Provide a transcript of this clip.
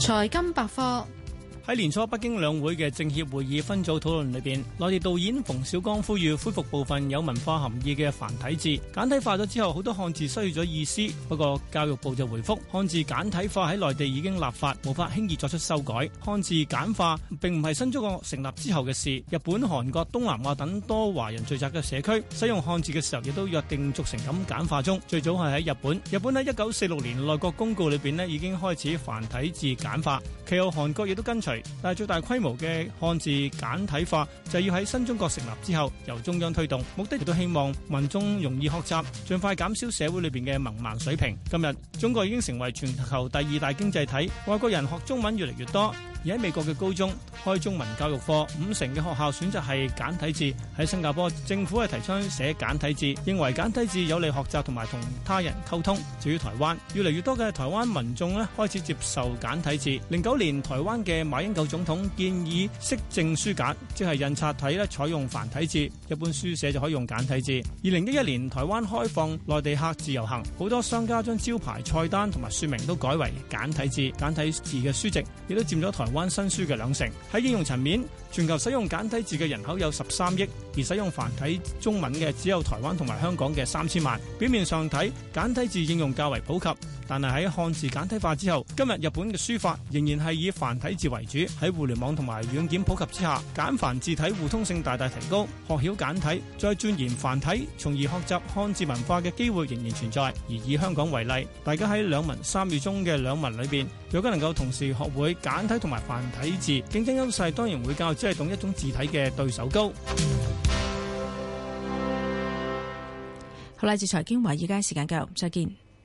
財金百科。喺年初北京兩會嘅政協會議分組討論裏邊，內地導演馮小剛呼籲恢復部分有文化含義嘅繁體字。簡體化咗之後，好多漢字失去咗意思。不過教育部就回覆漢字簡體化喺內地已經立法，無法輕易作出修改。漢字簡化並唔係新中國成立之後嘅事。日本、韓國、東南亞等多華人聚集嘅社區使用漢字嘅時候，亦都約定俗成咁簡化中。最早係喺日本，日本喺一九四六年內閣公告裏邊咧已經開始繁體字簡化，其後韓國亦都跟隨。但係最大規模嘅漢字簡體化，就要喺新中國成立之後由中央推動，目的亦都希望民眾容易學習，盡快減少社會裏面嘅文盲水平。今日中國已經成為全球第二大經濟體，外國人學中文越嚟越多。而喺美國嘅高中開中文教育課，五成嘅學校選擇係簡體字。喺新加坡政府係提倡寫簡體字，認為簡體字有利學習同埋同他人溝通。至於台灣，越嚟越多嘅台灣民眾咧開始接受簡體字。零九年台灣嘅馬英九總統建議識正書簡，即係印刷體咧採用繁體字，一般書寫就可以用簡體字。二零一一年台灣開放內地客自由行，好多商家將招牌、菜單同埋説明都改為簡體字。簡體字嘅書籍亦都佔咗台台灣新書嘅兩成。喺應用層面，全球使用簡體字嘅人口有十三億，而使用繁體中文嘅只有台灣同埋香港嘅三千萬。表面上睇，簡體字應用較為普及，但係喺漢字簡體化之後，今日日本嘅書法仍然係以繁體字為主。喺互聯網同埋軟件普及之下，簡繁字體互通性大大提高。學曉簡體，再鑽研繁體，從而學習漢字文化嘅機會仍然存在。而以香港為例，大家喺兩文三語中嘅兩文裏面。如果能夠同時學會簡體同埋繁體字，競爭優勢當然會較只係懂一種字體嘅對手高。好啦，截財經話事依家時間夠，再見。